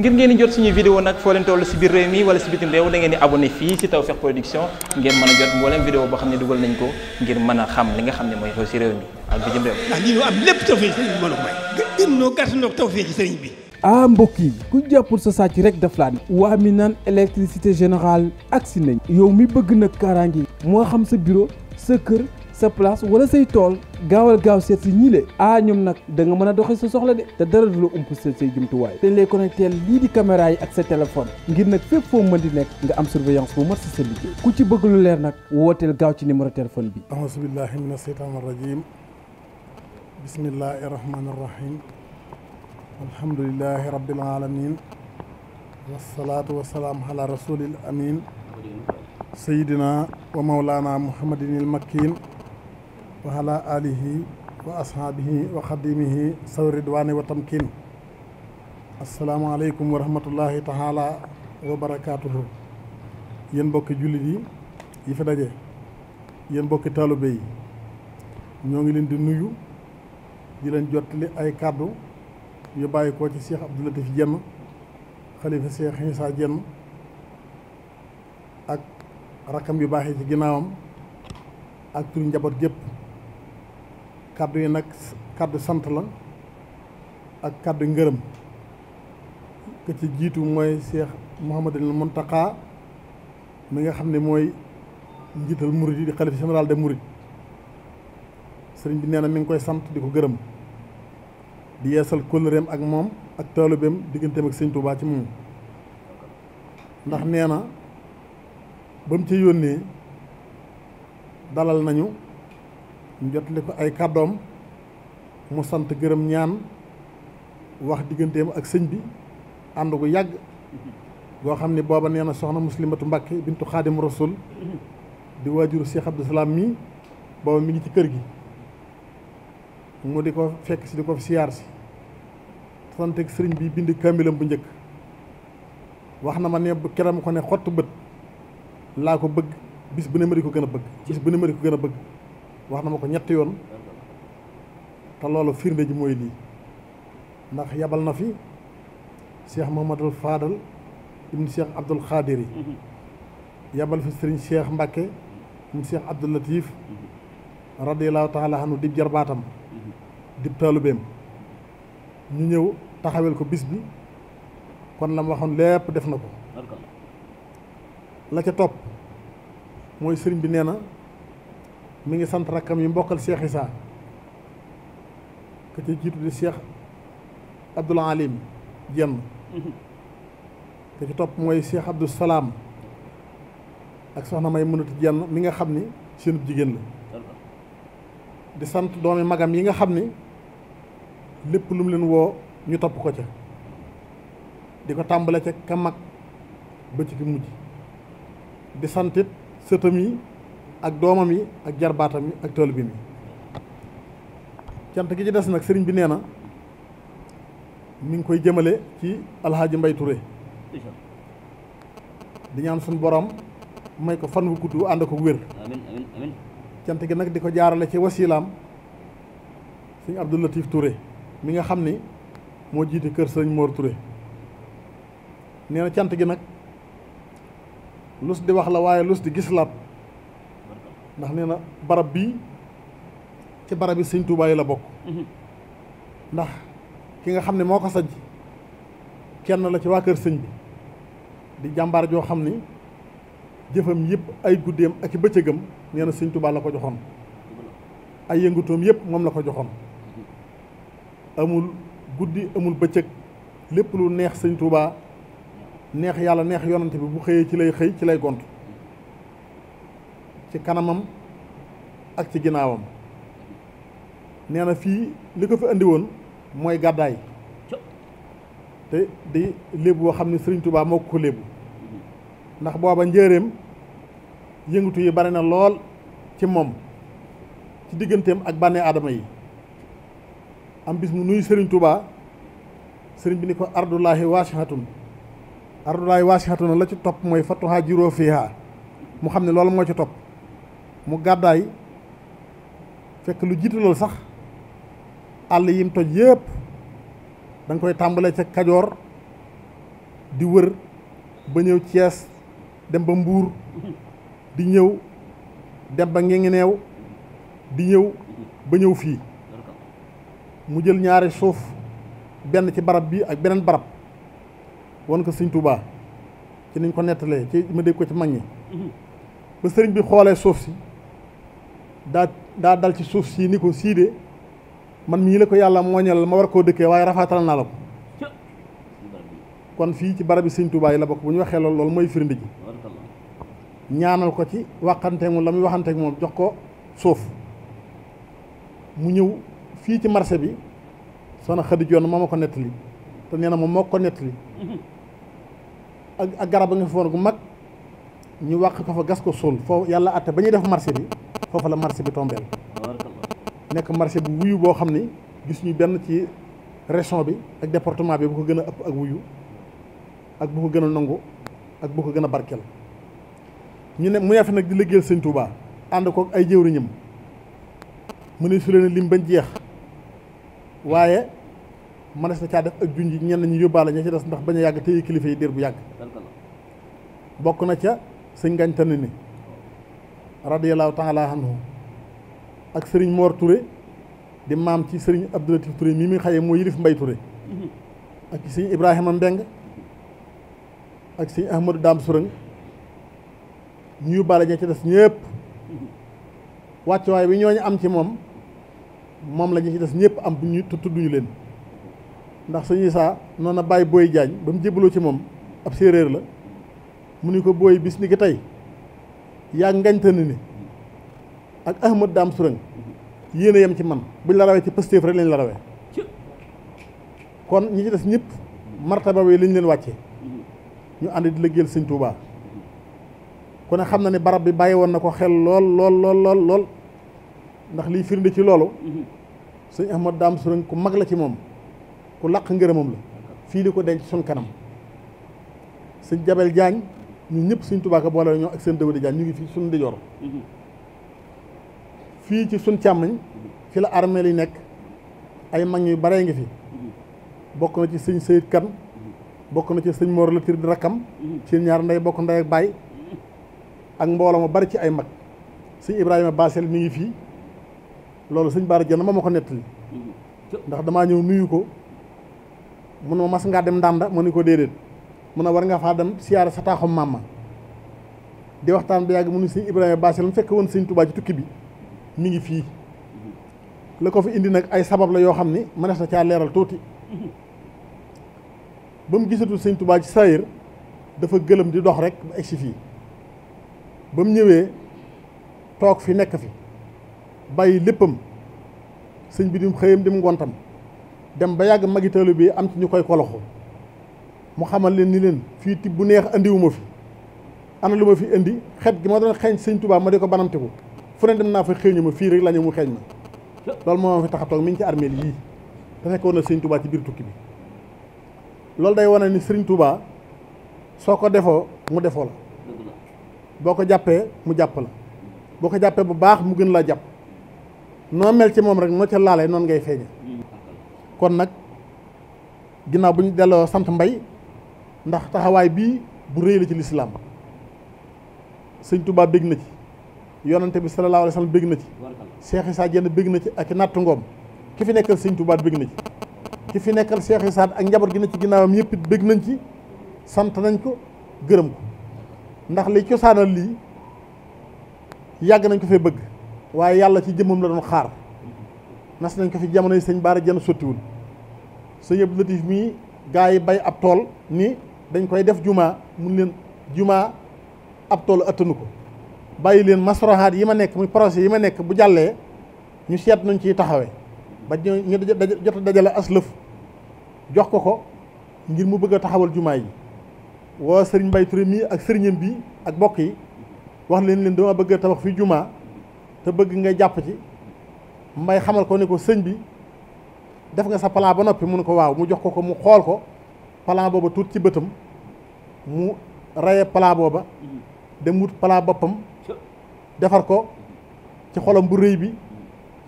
ngir ngeen di jot suñuy vidéo nag foo leen toll si biir réew mi wala si bitim réew da di abonné fii si Tawfekh Production ngeen mën a jot mboolem vidéo boo xam ne dugal nañ ko ngir mën a xam li nga xam ne mooy xew si réew mi ak bitim réew. ndax am lépp Tawfekh sëriñ bi mën a may. gën noo gàtt noo Tawfekh sëriñ bi. ah mbokk yi ku jàppul sa sàcc rek daf laa ne waa mi naan électricité générale agsi nañ yow mi bëgg nag kaaraange moo xam sa bureau sa kër sa place wala say tool gaawal gaaw seet si ñiile ah ñoom nag danga mën a doxee sa soxla de te dara du la ump sa jumtuwaay te ñu lay connecté yi ak sa téléphone ngir nag fépp foo mën di nekk nga am surveillance bu mat si sa liggéey ku ci bëgg lu leer nag wooteel gaaw ci numéro téléphone bi ahasubillahi min asheytaan arrajim bismillahi rahmani rahim alhamdulilahi rabbil alamin wasalaatu wasalaam ala rasulil amin sayidina wa maulana muhammadin wa ala alihi wa ashaabihi wa xadimihi saw ridwaani wa tamkin asalaamaaleykum wa rahmatullahi taala wa barakaatuhu yéen mbokki jullit yi yi fi daje yéen mbokki taalibe yi ñoo ngi leen di nuyu di leen jottali ay kàddu yu bàyyi ko ci Cheikh Abdou Latif xalifa Cheikh Issa Diène ak rakam yu baax yi ci ginnaawam ak turu njaboot gépp kàddu yi nag kàddu sant la ak kàddu ngërëm ki ci jiitu mooy Cheikh Mouhamadul Mountakha mi nga xam ne mooy njiital murid yi di xalif général de murid sëriñ bi nee na mi ngi koy sant di ko gërëm di yeesal kóllëreem ak moom ak taalibeem digganteem ak sëñ Touba ci moom ndax nee na ba mu ci yónnee dalal nañu ñu jotali ko ay kàddoom mu sant gërëm ñaan wax digganteem ak sëñ bi ànd gu yàgg goo xam ne booba nee na soxna muslimatu mbàkke bintu xaadim rasul di waajuru cheikh abdou salaam mi booba mi ngi ci kër gi mu di ko fekk si di ko siyaar si sant ak sëriñ bi bind kaamilam bu njëkk wax na ma ne bu keram ko ne xottu bët laa ko bëgg bis bu ne ma di ko gën a bëgg bis bu ne ma di ko gën a bëgg wax na ma ko ñetti yoon te loolu firnde ji mooy lii ndax yabal na fi Cheikh Mouhamadul Fadal ibn Cheikh Abdoul Khadir yi yabal fi Serigne Cheikh Mbacke ibn Cheikh Abdoul Latif la taala anhu dib jarbaatam dib taalubeem ñu ñëw taxawel ko bis bi kon la ma waxoon lépp def na ko la ca topp mooy sëriñ bi nee na mi ngi sant rakkam yi mbokkal Cheikh Issa ka ca jiitu di Cheikh Abdoul Alim jenn ka topp mooy Cheikh Abdou Salaam ak soxna may mënatu jenn mi nga xam ni seenub jigéen la di sant doomi magam yi nga xam ni lépp lu mu leen woo ñu topp ko ca di ko tàmbale ca ka mag ba ci ki mujj di santit sëtam yi ak doomam yi ak jarbaatam yi ak tël bi mi cant gi ci des nag sëriñ bi nee na mi ngi koy jëmale ci alxaaji mbay Touré di ñaan suñu boroom may ko fan wu gudd ànd ko wér amiin cant gi nag di ko jaarale ci wasiilaam sëñ Abdou Latif Touré mi nga xam ni moo jiite kër sëñ Mor Touré nee na cant gi nag lus di wax la waaye lus di gislaat ndax nee na barab bii ci barab yi sëñ Tuubaa yi la bokk mhm. ndax ki nga xam ne moo ko saj kenn la ci waa kër sëñ bi di jàmbaar joo xam ni jëfam yépp ay guddeem ak i bëccëgam nee na sëñ Tuubaa la ko joxoon ay yëngutoom yëpp moom la ko joxoon amul guddi amul bëccëg lépp lu neex sëñ Tuubaa neex yàlla neex yonante bi bu xëyee ci lay xëy ci lay gont ci kanamam ak ci ginnaawam nee na fii li ko fi indi woon mooy gàddaay te di léebu boo xam ne Sëriñ tubaa moo ko léebu ndax booba njëreem yëngatu yi bari na lool ci moom ci digganteem ak bànnee aadama yi am bis mu nuyu Sëriñ tubaa sëriñ bi ni ko ardulaahi waasihatun ardulaahi waasihatun la ci topp mooy fatuhaa jiroo fiihaa mu xam ne loolu moo ci topp mu gàddaay fekk lu jiitu loolu sax àll yi mu toj yépp da koy tàmbalee ca kajoor di wër ba ñëw Cees dem ba mbuur di ñëw dem ba ngengineew di ñëw ba ñëw fii mu jël ñaari suuf benn ci barab bi ak beneen barab wan ko sëñ Tuubaa ci niñ ko nettalee ci ma dégg ko ci mag ñi mm-hmm. ba sëriñ bi xoolee suuf si daa daa dal ci suuf sii ni ko siidee man mii la ko yàlla mooñal ma war ko dëkkee waaye rafaatal naa la ko kon fii ci barab bi sëñ Tuubaa yi la bokk bu ñu waxee loolu loolu mooy firnde ji ñaanal ko ci waxanteeg moom la muy waxanteeg moom jox ko suuf mu ñëw fii ci marché bi soxna Xadi Joon moo ma ko nettali te nee na moom moo ko nettali ak ak garab nga fi woon gu mag ñu wàq ko fa gas ko suul foofu yàlla atte ba ñuy def marché bi foofa la marché bi tombeel nekk marché bu wuyu boo xam ni gis ñu benn ci région bi ak département bi bu ko gën a ëpp ak wuyu ak bu ko gën a nangu ak bu ko gën a barkeel ñu ne mu ne fa nag di liggéeyal sëñ Touba ànd ko ay jëwriñam mu ne su leen lim bañ jeex waaye mënees na caa def ak junj ñenn ñi yóbbaale ña ci des ndax bañ a yàgg téye kilifa yi diir bu yàgg bokk na ca sëñ Ngagne Tane ni radiyallahu taala anhu ak sëriñ moor Touré di maam ci sëriñ Abdoulatif Touré mii mi nga xaye moo yilif Mbay Touré ak ci sëriñ Ibrahima Mbeng ak sëriñ Ahmadou Dam Sourang ñuyu bale ña ci des ñëpp wàccuwaay bi ñooñu am ci moom moom la ñu ci des ñëpp am bu ñu tudduñu leen ndax sëñ Isaa noonu a bàyyi Boy Jaañ ba mu jébbaloo ci moom ab séeréer la mu ni ko booy bis ni ki tey yaa ngañta ni ak Ahmad Dame Sourang yéen yem ci man buñ la ci Pastef rek lañ la kon ñi ci des ñëpp martaba wi liñ leen wàcce ñu ànd di liggéeyal Sëñ Tuubaa ku ne xam na ne barab bi bàyyi woon na ko xel lool lool lool lool ndax liy firnde ci loolu sëñ Ahmad Dame Sourang ku mag la ci moom ku làq ngërëmam la fii li ko denc suñ kanam sëñ Jabel Jaañ ñu ñëpp suñ Tuubaa ko boole ñoo ak seen dëwdi jaan ñu ngi fii suñ ndijoor mhm. fii ci suñ càmmoñ fi la armée li nekk ay mag yu bare ngi fi mhm. bokk na ci sëñ Seyid Kan mhm. bokk na ci sëñ Mor Latir di rakkam ci ñaar ndey bokk ndey ak baay ak mbooloo ma bari ci ay mag sëñ Ibrahima Basel mi ngi fii loolu sëñ Baara Jeen ma ma ko nettali ndax damaa ñëw nuyu ko mun ma mas ngaa dem ndànda ma ni ko déedéet mun a war nga faa dem siyaara sa taaxum maam di waxtaan ba yàgg mu ne sëñ Ibrahima Bassel mu fekk woon sëñ Touba ci tukki bi mi ngi fii la ko fi indi nag ay sabab la yoo xam ni mënees na caa leeral tuuti ba mu gisatul sëñ Touba ci sayir dafa gëlëm di dox rek ba egsi fii ba mu ñëwee toog fi nekk fi bàyyi léppam sëñ bi dim xëyam dim ngontam dem ba yàgg magitalu bi am ci ñu koy koloxu mu xamal leen ni leen fii ti bu neex andiwuma fi ana lu ma fi indi xet gi ma doon xeeñ sëñ Tuubaa ma di ko banamtiku fu ne dem naa fa xeeñu ma fii rek la ñu mu xeeñ ma loolu moo ma fi tax a mi ngi ci armeel yii te fekkoon na sëñ Tuubaa ci biir tukki bi loolu day wane ni sëriñ Tuubaa soo ko defoo mu defoo la boo ko jàppee mu jàpp la boo ko jàppee bu baax mu gën laa jàpp noo mel ci moom rek moo ca laalee noonu ngay feeñe kon nag ginnaaw bu ñu delloo sant mbay ndax taxawaay bii bu rëy la ci lislaam sëñ Touba bég na ci yonante bi sallallahu alayhi wa sallam bég na ci Cheikh Issa Diène bég na ci ak nattu ngoom ki fi nekkal sëñ Touba bég na ci ki fi nekkal Cheikh Issa ak njaboot gi na ci ginnaawam yëpp it bég nañ ci sant nañ ko gërëm ko ndax li cosaanal lii yàgg nañ ko fee bëgg waaye yàlla ci jëmmam la doon xaar nas nañ ko fi jamono yi sëñ Baara jenn sottiwul sëñ Abdou Latif mii gaa yi bay ab tool ni dañ koy def jumaa mun leen jumaa ab toolu attanu ko bàyyi leen masroxaat yi ma nekk muy projet yi ma nekk bu jàllee ñu seet nuñ ciy taxawe ba jot dajale aslëf jox ko ko ngir mu bëgg a taxawal jumaa yi woo sëriñ Mbay Ture mi ak sëriñam bi ak bokk yi wax leen leen dama bëgg a tabax fi jumaa te bëgg ngay jàpp ci mbay xamal ko ne ko sëñ bi def nga sa palaa ba noppi mun ko waaw mu jox ko ko mu xool ko plan booba tuuti ci bëtam mu raye plan booba dem wut plan boppam defar ko ci xolam bu rëy bi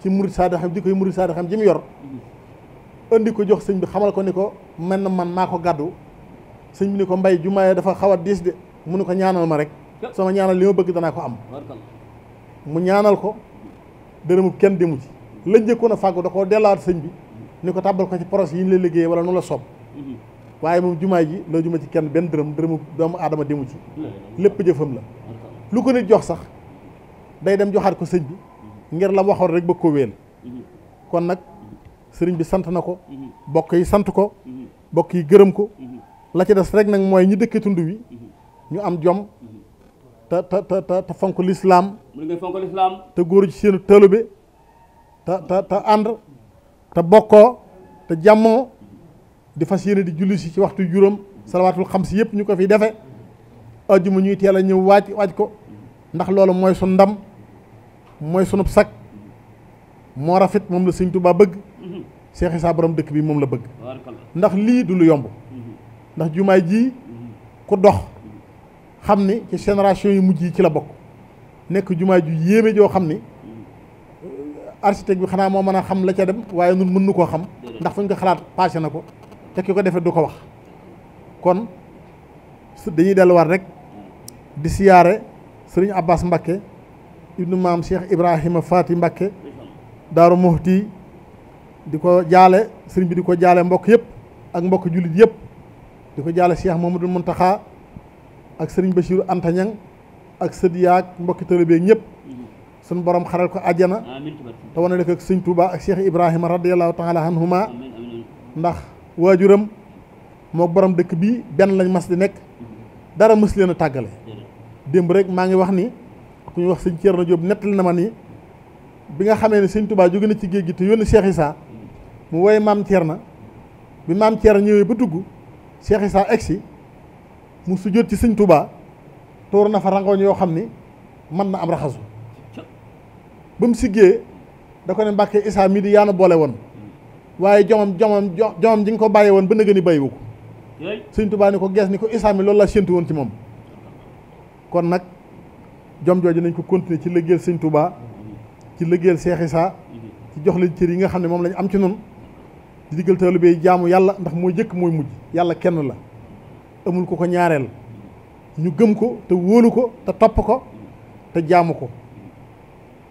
ci murid saadi xam di koy murid saadi xam ji mu yor indi ko jox sëñ bi xamal ko ni ko mel na man naa ko gàddu sëñ bi ni ko mbay jumaayee dafa xaw a diis de mu ne ko ñaanal ma rek sama ñaanal li ma bëgg danaa ko am mu ñaanal ko dërëmub kenn demu ci lañ njëkkoon a fàggu da koo dellaat sëñ bi ni ko tàbbal ko ci projet yi ñu lay liggéeyee wala nu la soob waaye moom jumaay ji loo juma ci kenn benn dërëm dërëmu doomu aadama demu ci lépp jëfam la lu ko nit jox sax day dem joxaat ko sëñ bi ngir la mu waxoon rek bëgg ko wéel kon nag sëriñ bi sant na ko bokk yi sant ko bokk yi gërëm ko la ci des rek nag mooy ñi dëkkee tund wi ñu am jom te te te te fonk lislaam te góor ci seenu taalube te te te ànd te bokkoo te jàmmoo di fas yéene di julli yi ci waxtu juróom salawaatul xam si yëpp ñu ko fi defe ajjuma ñuy teel a ñëw waaj waaj ko ndax loolu mooy sun ndam mooy sunub sag moo rafet moom la sëñ Tuubaa bëgg Seex sa boroom dëkk bi moom la bëgg ndax lii du lu yomb ndax jumaay ji ku dox xam ni ci génération yu mujj yi ci la bokk nekk jumaa ju yéeme joo xam ni architecte bi xanaa moo mën a xam la ca dem waaye nun mën nu koo xam ndax fu ñu ko xalaat passé na ko te ki ko defee du ko wax kon dañuy delluwaat rek di siyaare sëriñ Abbas Mbakke ibnu maam Cheikh Ibrahima Faati Mbakke Daaru Muxti di ko jaale sëriñ bi di ko jaale mbokk yëpp ak mbokk jullit yëpp di ko jaale Cheikh Mamadou Muntaxa ak sëriñ Bachir Anta Ñang ak sët yaag mbokki tërëbee ñëpp suñ borom xaral ko àjjana te wane ko ak sëñ Touba ak Cheikh Ibrahima radiyallahu taala anhuma ndax waajuram moo borom dëkk bii benn lañ mas di nekk dara mës a tàggale démb rek maa ngi wax ni ku ñu wax sëñ Thierno Diop nettali na ma ni bi nga xamee ne sëñ tubaa jóge na ci géej gi te yónni Cheikh Issa mu woye maam na bi maam Thierno ñëwee ba dugg Cheikh Issa egsi mu sujjóot ci sëñ tubaa tóor na fa rangoñ yoo xam ni mën na am raxasu ba mu siggee da ko ne Mbàkke Issa mii di yaanu boole woon waaye jomam jomam jomam ji nga ko bàyyi woon ba nëgë ni bàyyiwu ko sëñ Tuubaa ni ko gees ni ko isaa mi loolu la séntu woon ci moom kon nag jom jooju nañ ko continuer ci liggéeyal sëñ Tuubaa ci liggéeyal Seex Isaa ci jox leen cër yi nga xam ne moom lañu am ci noonu di diggal taalibe yi jaamu yàlla ndax moo jëkk mooy mujj yàlla kenn la amul ko ko ñaareel ñu gëm ko te wóolu ko te topp ko te jaamu ko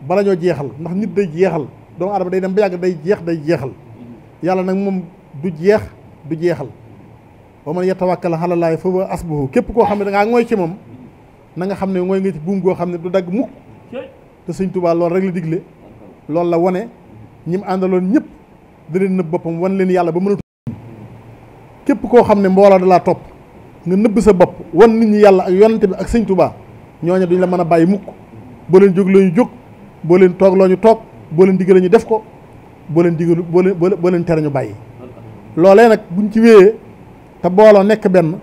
bala ñoo jeexal ndax nit day jeexal doomu aadama day dem ba yàgg day jeex day jeexal yàlla nag moom du jeex du jeexal ba man yatawakkal ala llaahi fa huwa asbuhu képp koo xam ne da ngaa ngooy ci moom na nga xam ne ngooy nga ci buum goo xam ne du dagg mukk te sëñ Tuubaa loolu rek lu digle loolu la wone ñi mu àndaloon ñëpp da leen nëbb boppam wan leen yàlla ba mënatu képp koo xam ne mbooloo da laa topp nga nëbb sa bopp wan nit ñi yàlla ak yonante bi ak sëñ Tuubaa ñooñu duñ la mën a bàyyi mukk boo leen jóg loo ñu jóg boo leen toog loo ñu toog boo leen digg la ñu def ko boo leen digalu boo leen boo tere ñu bàyyi loolee nag buñ ci wéyee te booloo nekk benn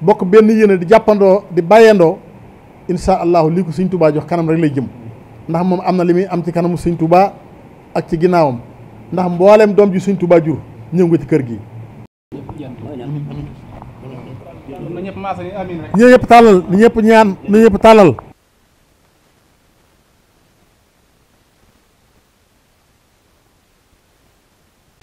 bokk benn yéene di jàppandoo di bàyyandoo insha allahu lii ko sëñ tubaa jox kanam rek lay jëm ndax moom am na li muy am ci kanamu sëñ tubaa ak ci ginnaawam ndax mbooleem doom ji sëñ tubaa jur ñëw nga ci kër gi ñëpp ñëpp tàllal ñëpp ñaan ñëpp tàllal